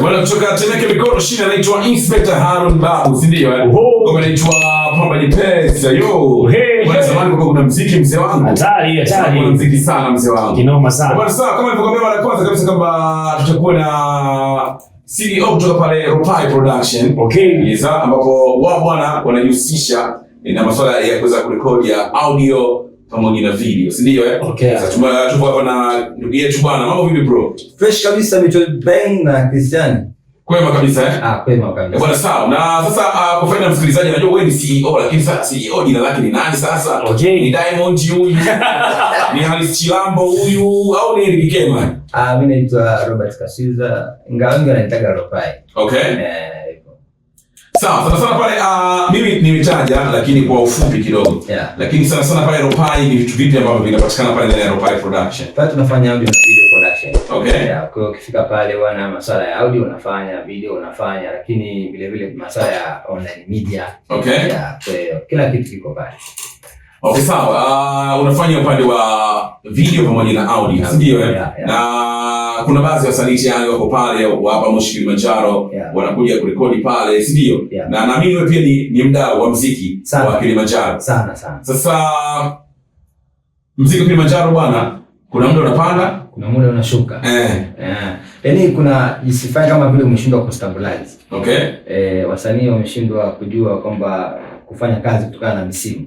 Bwana kutoka Temeke mikono chini anaitwa Inspector Harun Babu, si ndio? Ngoma eh? inaitwa Pamba Nyepesi. Yo. Bwana zamani kwa kuna muziki mzee wangu. Hatari, hatari. Kuna muziki sana mzee wangu. Kinoma sana. Bwana sawa, kama nilivyokuambia mara kwanza kabisa kwamba tutakuwa na CEO kutoka pale Ropai Production. Okay. Yesa ambapo wao bwana wanajihusisha na masuala ya kuweza kurekodi audio pamoja na video, si ndio eh? Okay. Sasa tuma tupo hapa na ndugu yetu bwana. Mambo vipi bro? Fresh kabisa micho bang na Christian. Kwema kabisa eh? Ah, kwema kabisa. Eh, bwana sawa. Na sasa uh, kwa faida msikilizaji anajua wewe ni CEO lakini sasa CEO jina lake ni nani sasa? Okay. Ni Diamond huyu. ni Halis Chilambo huyu au ni Eric Kema? Ah, mimi naitwa Robert Kasiza. Ingawa wengi nitaka Ropai. Okay. Eh, Sawa, sana sana pale uh, mimi nimetaja lakini kwa ufupi kidogo. Yeah. Lakini sana sana pale Ropai ni vitu vipi ambavyo vinapatikana pale ndani ya Ropai Production? Pale tunafanya audio na video production. Okay. Yeah, kwa hiyo ukifika pale wana masuala ya audio unafanya, video unafanya, lakini vile vile masuala ya online media. Okay. Yeah, kwa hiyo kila kitu kiko pale. Okay, sawa. Uh, unafanya upande wa video pamoja na audio, si ndio? Na kuna baadhi ya wasanii tayari wako pale hapa Moshi Kilimanjaro, yeah. Wanakuja kurekodi pale, si ndio? Yeah. Na naamini wewe pia ni, ni mdau wa muziki wa Kilimanjaro. Sana sana. Sasa muziki wa Kilimanjaro bwana, kuna muda unapanda, kuna muda unashuka. Eh. Eh. Yaani kuna jisifai kama vile umeshindwa kustabilize. Okay. Eh, wasanii wameshindwa kujua kwamba kufanya kazi kutokana na misimu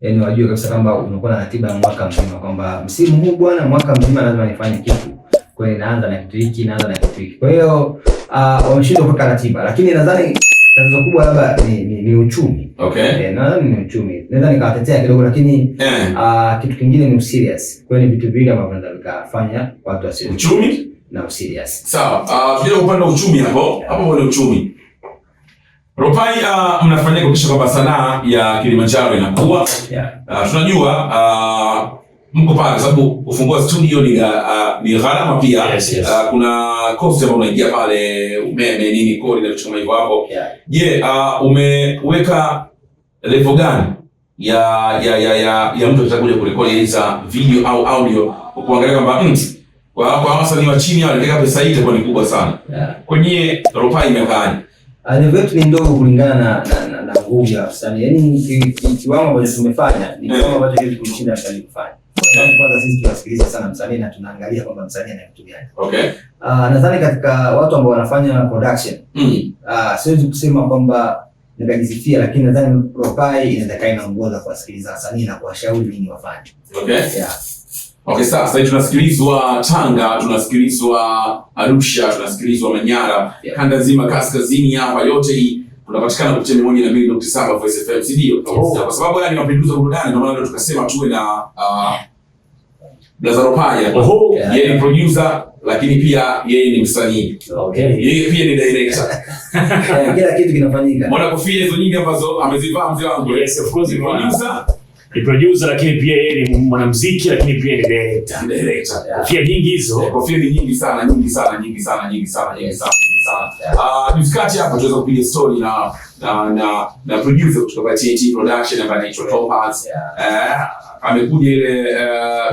yani wajue kabisa kwamba umekuwa na ratiba ya mwaka mzima, kwamba msimu huu bwana, mwaka mzima lazima nifanye kitu, kwa hiyo naanza na kitu hiki, naanza na kitu hiki. Kwa hiyo uh, wameshindwa kuweka ratiba, lakini nadhani tatizo kubwa labda ni, ni, ni uchumi. Okay. Eh, nadhani ni uchumi. Naweza nikawatetea kidogo lakini mm. uh, kitu kingine ni userious. Kwa hiyo ni vitu viwili ambavyo naweza vikafanya watu wasio uchumi na userious. Sawa. So, uh, ah, vile upande wa uchumi hapo, hapo yeah. ni uchumi. Ropai, uh, ah, mnafanya kuhakikisha kwamba sanaa ya Kilimanjaro inakuwa? Yeah. Uh, tunajua uh, mko pale sababu kufungua studio ni, uh, ni gharama pia yes, yes. Uh, kuna cost ambayo unaingia pale umeme nini kodi na vitu hivyo hapo. Je, yeah. Uh, umeweka level gani ya ya ya ya, ya mtu atakuja kurekodi hizo video au audio kuangalia kwamba mm, kwa kwa wasanii wa chini wanataka pesa hii itakuwa ni kubwa sana. Yeah. Kwenye Ropai imekaa level yetu ni ndogo kulingana na na, na, nguvu ya Afsani. Yaani kiwango ambacho tumefanya ni eh. kiwango ambacho kiwezi kumshinda msanii kufanya. Yaani kwanza sisi tunasikiliza sana msanii na tunaangalia kwamba msanii ana kitu gani. Okay. Uh, nadhani katika watu ambao wanafanya production mm. Uh, siwezi kusema kwamba nikajisifia, lakini nadhani Ropai inataka inaongoza kuwasikiliza wasanii na kuwashauri nini wafanye. Okay. Yeah. Okay, sasa sasa tunasikilizwa Tanga, tunasikilizwa Arusha, tunasikilizwa Manyara, yeah. Kanda zima kaskazini hapa yote hii unapatikana kupitia mia moja na mbili nukta saba Voice FM, si ndio? Kwa sababu yani mapinduzi ya burudani, ndio maana tukasema tuwe na uh, Lazaro Paya, yeye ni producer lakini pia yeye ni msanii. Okay. Yeye pia ni director. Eh, kila kitu kinafanyika. Mbona kofia hizo nyingi ambazo amezivaa mzee wangu? Yes, of course. Producer ni producer lakini pia yeye ni mwanamuziki lakini pia ni director. Director. Kofia nyingi hizo. Kofia ni nyingi sana, nyingi sana, nyingi sana, nyingi sana, nyingi sana. Sawa. Ah, tusikate hapo tuweza kupiga story na na na, na producer kutoka TNT Production ambaye anaitwa Thomas. Eh, amekuja ile eh,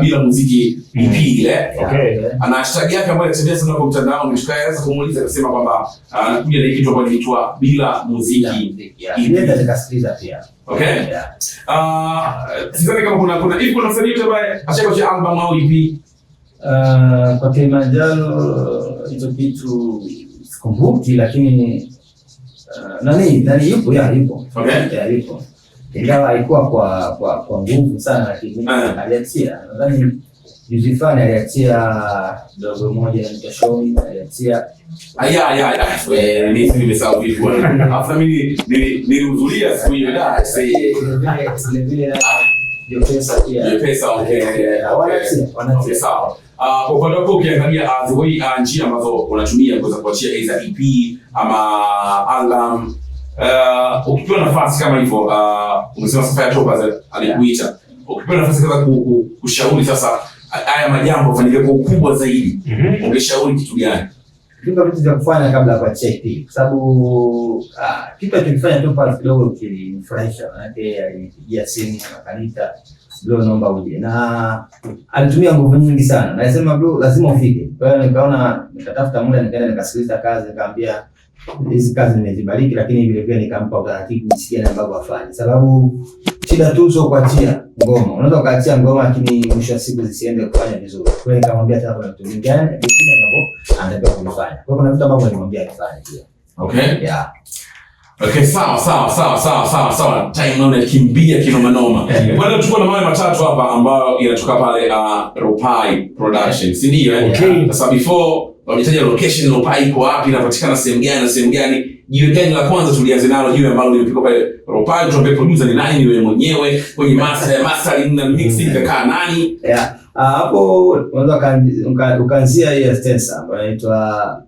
bila muziki EP mm-hmm. ile. Okay. Ana hashtag yake ambayo inatembea sana kwa mtandao, nishikaanza kumuuliza akasema kwamba ah, anakuja na kitu ambacho kinaitwa bila muziki. Ile nitasikiliza pia. Okay. Ah, sidhani kama kuna kuna hivi kuna msanii ambaye ashakocha album au EP. Ah, kwa Kilimanjaro uh, hizo kitu kumbuki, lakini uh, nani nani yupo ya yupo okay. ya yupo ingawa haikuwa kwa kwa kwa nguvu sana, lakini eh. aliachia, nadhani juzi fani aliachia dogo moja na mtashoni aliachia aya aya aya, ni ni nimesahau vipi bwana, hapa mimi nilihudhuria siku hiyo da sai ni vile ah, na Jopesa pia Jopesa, okay, wanaachia wanaachia sawa Ah, kwa uh, upande wako ukiangalia ah, the way uh, njia ambazo unatumia kuweza kuachia either EP ama album uh, ukipewa nafasi kama hivyo uh, umesema Safaya Topaz alikuita, ukipewa nafasi kaza kushauri sasa haya majambo afanyike kwa ukubwa zaidi, mhm. ungeshauri kitu gani? Kitu kitu cha kufanya kabla hapa cheki, kwa sababu kitu alichofanya Topaz kidogo kilinifurahisha, maana yake alinipigia simu akanita Bro, naomba uje. Na alitumia nguvu nyingi sana. Na nasema bro, lazima ufike. Kwa hiyo nikaona nikatafuta muda nikaenda nikasikiliza kazi nikaambia hizi kazi nimezibariki, lakini vile vile nikampa utaratibu jinsi na ambavyo afanye. Sababu shida tu sio kuachia ngoma. Unaweza kuachia ngoma lakini mwisho wa siku zisiende kufanya vizuri. Kwa hiyo nikamwambia tena kuna vitu vingine yaani, vingine ambavyo anatakiwa kufanya. Kwa hiyo kuna vitu ambavyo nilimwambia afanye pia. Okay. Yeah. Okay, sawa sawa sawa sawa sawa sawa, timeline inakimbia kinoma noma. Bwana tuko na mambo matatu hapa ambayo yanatoka pale uh, Ropai Production, si ndio? Eh? Okay. Sasa before wametaja location Ropai iko wapi, inapatikana sehemu gani na sehemu gani? Jiwe gani la kwanza tulianze nalo jiwe ambalo limepikwa pale Ropai, tuambie producer ni nani, ni wewe mwenyewe kwenye master eh, mastering na mixing mm. kakaa nani? Yeah. Ah, hapo uh, unaweza ukaanzia hiyo stencil ambayo inaitwa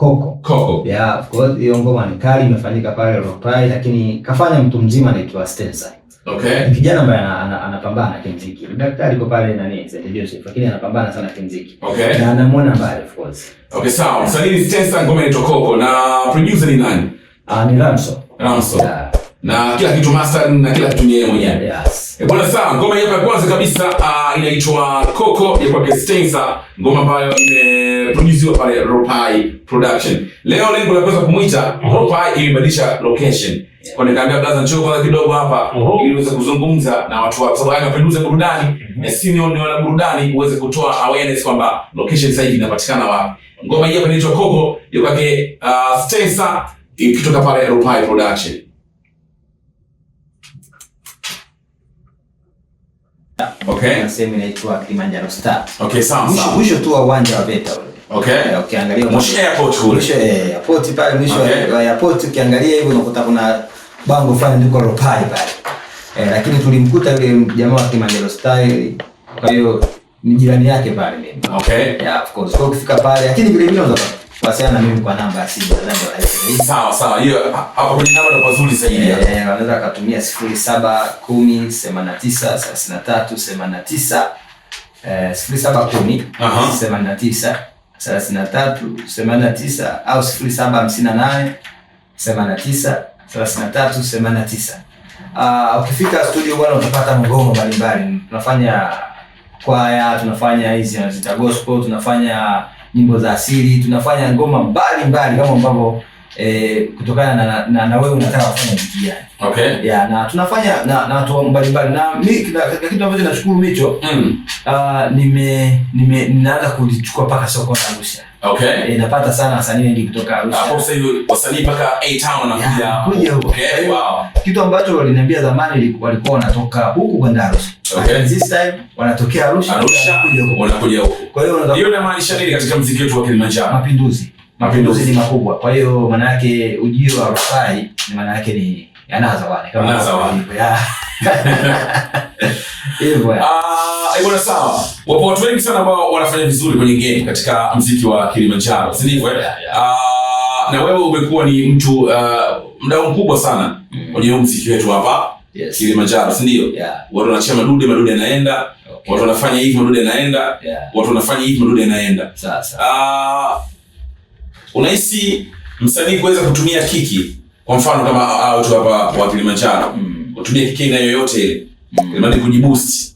Koko. Koko. Yeah, of course hiyo ngoma ni kali imefanyika pale Rockpile lakini kafanya mtu mzima anaitwa Stenza. Okay. Ni kijana ambaye anapambana kimziki. Daktari yuko pale nani Zeddy Joseph lakini anapambana sana kimziki. Okay. Na anamwona mbali of course. Okay, sawa. Yeah. Sasa hii Stenza ngoma inaitwa Coco na producer ni nani? Ah, ni Ramso. Ramso. Yeah. Na kila kitu master na kila kitu ni yeye mwenyewe. Yes. Bwana saa ngoma ya kwanza kabisa uh, inaitwa Coco ya kwa Stenza, ngoma ambayo imeproduciwa pale Ropai Production. Leo lengo la kuweza kumwita Ropai ilibadilisha location. Kwa nikaambia Blaza njoo kwa kidogo hapa uh -huh. ili uweze kuzungumza na watu wako, sababu haya anapenduza burudani na senior ni wala burudani uweze kutoa awareness kwamba location sasa hivi inapatikana wapi. Ngoma hii hapa inaitwa Coco ya kwa uh, Stenza ikitoka pale Ropai Production. Sehemu inaitwa Mwisho tu wa uwanja wa Beta eh, Ukiangalia mwisho eh, pale mwisho ukiangalia unakuta kuna bango fulani ndiko Ropai pale. Eh, lakini tulimkuta yule jamaa wa Kilimanjaro Star. Kwa hiyo ni jirani yake pale mimi. Okay. Yeah, of course. Kwa pale lakini vile vile unaweza wasiana na mimi kwa namba ya simu ya rahisi. Sawa sawa. Hiyo hapo kwenye namba ndio pazuri zaidi. Eh, wanaweza kutumia 0710893389 eh 0710893389 au 0758893389. Ah, ukifika studio bwana utapata mgomo mbalimbali. Tunafanya kwaya, tunafanya hizi tunazita gospel, tunafanya nyimbo za asili, tunafanya ngoma mbalimbali kama ambavyo eh, kutokana na, na, na, wewe unataka kufanya vitu gani. Okay. Yeah, na tunafanya na na watu mbalimbali na mimi na kitu ambacho nashukuru Micho mm. Uh, nime nime ninaanza kulichukua paka soko la Arusha. Okay. Inapata eh, sana wasanii wengi kutoka Arusha. Hapo sasa hiyo wasanii mpaka A Town wanakuja. Kuja huko. Okay, wow. Kitu ambacho waliniambia zamani ilikuwa walikuwa wanatoka huku kwenda Arusha. Okay. And This time wanatokea Arusha. Arusha kuja huko. Wanakuja huko. Kwa hiyo unaweza. Hiyo inamaanisha nini katika muziki wetu wa Kilimanjaro? Mapinduzi. Mapinduzi ni makubwa. Kwa hiyo maana yake ujio wa Rufai ni maana yake ni anaza wale kama anaza wale. Hivyo. Ah, hivyo eh, sawa. Wapo watu wengi sana ambao wanafanya vizuri kwenye game katika mziki wa Kilimanjaro, si ndivyo? Eh? yeah, yeah. Uh, na wewe umekuwa ni mtu uh, mdau mkubwa sana mm. kwenye mm. mziki wetu hapa yes. Kilimanjaro, si ndio? yeah. watu wanachia madude, madude yanaenda okay. watu wanafanya hivi, madude yanaenda yeah. watu wanafanya hivi, madude yanaenda sasa. Uh, unahisi msanii kuweza kutumia kiki kwa mfano kama hao watu hapa wa Kilimanjaro mm. kutumia kiki na yoyote ile mm. kujiboost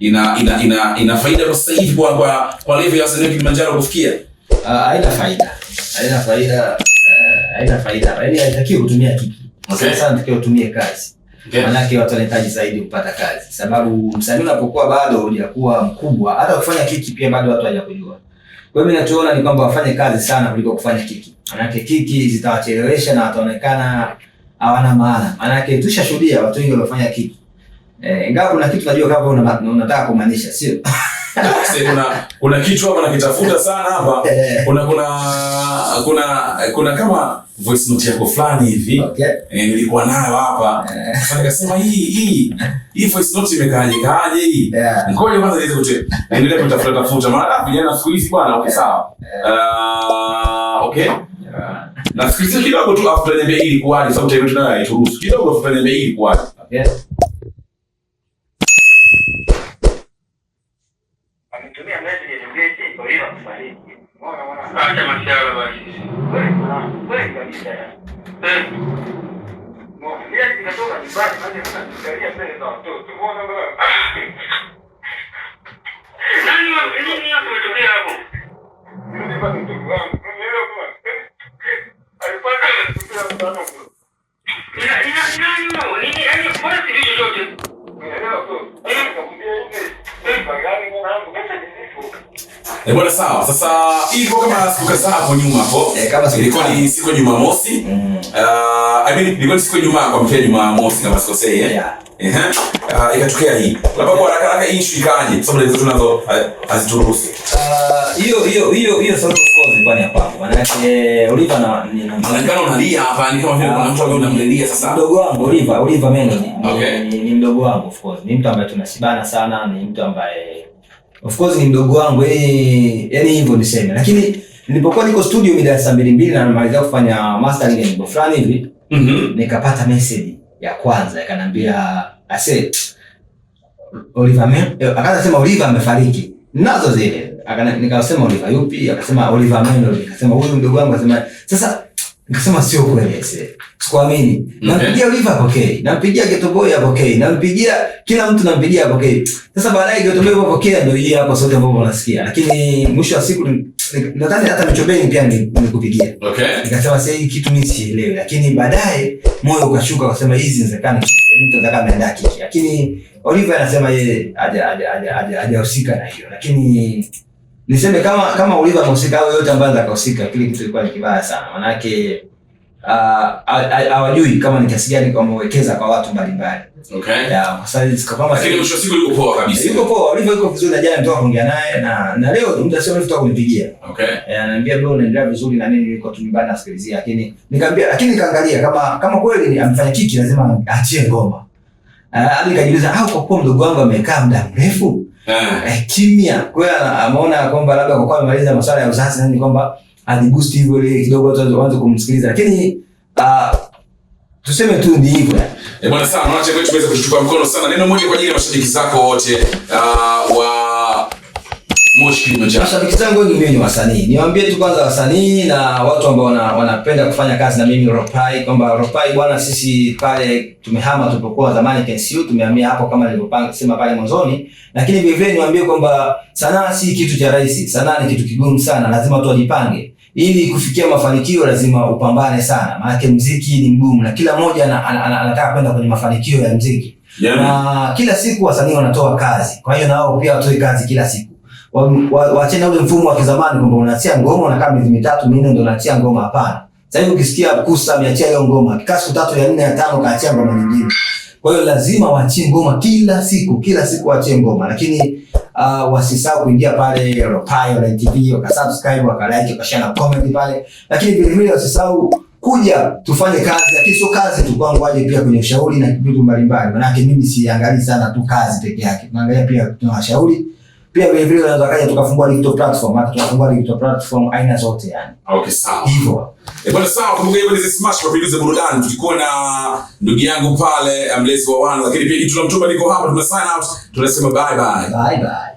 ina ina ina, ina faida kwa sasa hivi kwa kwa, kwa level ya Arsenal Kilimanjaro kufikia? Uh, haina faida. Haina faida. Uh, haina faida. Yaani haitakiwi kutumia kiki. Okay. Sasa ndio kutumia kazi. Okay. Manake watu wanahitaji zaidi kupata kazi, sababu msanii unapokuwa bado hujakuwa mkubwa, hata kufanya kiki pia bado watu hawajakujua. Kwa hiyo ninachoona ni kwamba wafanye kazi sana kuliko kufanya kiki, manake kiki zitawachelewesha na wataonekana hawana maana. Manake tushashuhudia watu wengi waliofanya kiki Eh, ingawa kuna kitu najua kama unataka kumaanisha, sio? Kuna kuna kitu hapa nakitafuta sana hapa. Eh, eh. Kuna kuna kuna kuna kama voice note yako fulani hivi. Okay. Eh, nilikuwa nayo hapa. Eh. Sasa nikasema hii hii hii voice note imekaaje kaaje hii? Ngoja kwanza niweze kute. Naendelea kutafuta tafuta maana vijana siku hizi bwana, okay sawa. Uh, okay. Na sikiza kidogo tu afu tunaambia ili sababu tayari tunayo haituruhusu. Kidogo afu tunaambia ili Okay. Да, конечно, конечно, да. Тут можно было... Yeah. Eh, bwana sawa. Sasa hivyo kama siku sikukazaa hapo nyuma hapo. Eh, kama siku ilikuwa ni siku ya Jumamosi. Ah, Mm. Uh, I mean ilikuwa siku ya Jumaa kwa mkia Jumamosi kama sikosei eh. Yeah. Eh, eh. Uh, ikatokea hii. Labda kwa haraka haraka hii ikaje? Kwa sababu hizo tunazo eh, hazituruhusu. Ah, hiyo hiyo hiyo hiyo sasa of course ilikuwa ni hapa. Maana yake eh, Oliva na anaonekana unalia hapa ni kama vile kuna mtu ambaye unamlilia sasa. Mdogo wangu Oliva, Oliva Mengi. Okay. Ni mdogo wangu of course. Ni mtu ambaye tunashibana sana, ni mtu ambaye Of course ni mdogo wangu yeye, yani hivyo niseme, lakini nilipokuwa niko studio mida ya saa mbili mbili na namalizia kufanya mastering ya nyimbo fulani hivi mm -hmm. nikapata message ya kwanza I ase Oliver me eh, akaanza sema Oliver amefariki nazo zile, akana nikasema Oliver yupi? Akasema Oliver Mendo, akasema huyu mdogo wangu, akasema sasa Nikasema sio kweli, ese sikuamini. Nampigia Oliva apokee, nampigia Getoboi apokee, nampigia kila mtu, nampigia apokee. Sasa baadaye Getoboi apokea, ndio hii hapa sote ambao wanasikia, lakini mwisho wa siku nadhani hata Michobeni pia nikupigia. Okay, nikasema sasa hii kitu mimi sielewi, lakini baadaye moyo ukashuka, ukasema hizi zinawezekana, yaani mtu anataka ameenda kiki, lakini Oliver anasema yeye hajahusika na hiyo, lakini niseme kama kama ulivyo mhusika au yote ambaye atakahusika, kile kitu kilikuwa ni kibaya sana, manake hawajui kama ni kiasi gani kwa mwekeza kwa watu mbalimbali. Okay. Ya masali zikapamba. Lakini mwisho siku liko poa kabisa. Liko poa, ulivyo iko vizuri na jana nitoka kuongea naye na na leo muda sio mtu kunipigia. Okay. Eh, ananiambia bro unaendelea vizuri na nini niko tu nyumbani nasikilizia lakini nikamwambia lakini nikaangalia kama kama kweli amfanya kiki lazima aachie ngoma. E, ah, nikajiuliza au kwa kuwa mdogo wangu amekaa muda mrefu Eh. eh, kimya. Kwa hiyo ameona kwamba labda kwa kuwa amemaliza masuala ya uzazi, ni kwamba adiboost hivyo ile kidogo, watu waanze kumsikiliza, lakini uh, tuseme tu ni hivyo eh bwana. sana, naacha kwetu tuweze kuchukua mkono sana. Neno moja kwa ajili ya mashabiki zako wote uh, wa Mashabiki zangu wengi mimi ni wasanii, niwaambie tu kwanza wasanii na watu ambao wanapenda kufanya kazi na mimi Ropai, kwamba Ropai bwana, sisi pale tumehama tulipokuwa zamani KNCU, tumehamia hapo kama nilivyopanga sema pale mwanzoni, lakini vile niwaambie kwamba sanaa si kitu cha rahisi. Sanaa ni kitu kigumu sana, lazima tu wajipange ili kufikia mafanikio lazima upambane sana, maanake mziki ni mgumu na kila mmoja anataka kwenda kwenye mafanikio ya mziki, yeah. Na kila siku wasanii wanatoa kazi, kwa hiyo na pia watoe kazi kila siku waachane ule mfumo wa kizamani kwamba unaachia ngoma unakaa miezi mitatu minne ndo unaachia ngoma. Hapana, sasa hivi ukisikia Kusa ameachia hiyo ngoma, kikaa siku tatu ya nne ya tano kaachia ngoma nyingine. Kwa hiyo lazima waachie ngoma kila siku, kila siku waachie ngoma, lakini uh, wasisahau kuingia pale Ropai na TV wakasubscribe, wakalike, wakashare na comment pale, lakini vile vile wasisahau kuja tufanye kazi, lakini sio kazi tu, kwangu waje pia kwenye ushauri na vitu mbalimbali, maanake mimi siangalii sana tu kazi peke yake, naangalia pia tunawashauri pia vile vile unaweza kaja tukafungua digital platform, hata tunafungua digital platform aina zote yani. Ah, okay, sawa. Hivyo. E, bwana sawa, kumbuka hivyo ni smash kwa video burudani. Tulikuwa na ndugu yangu pale, mlezi wa wana, lakini pia tunamtuma niko hapa, tuna sign out, tunasema bye bye. Bye bye.